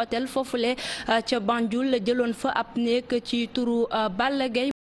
hôtel foofule euh, ca la jëloon fa ab néeg ci turu euh, Balla Gaye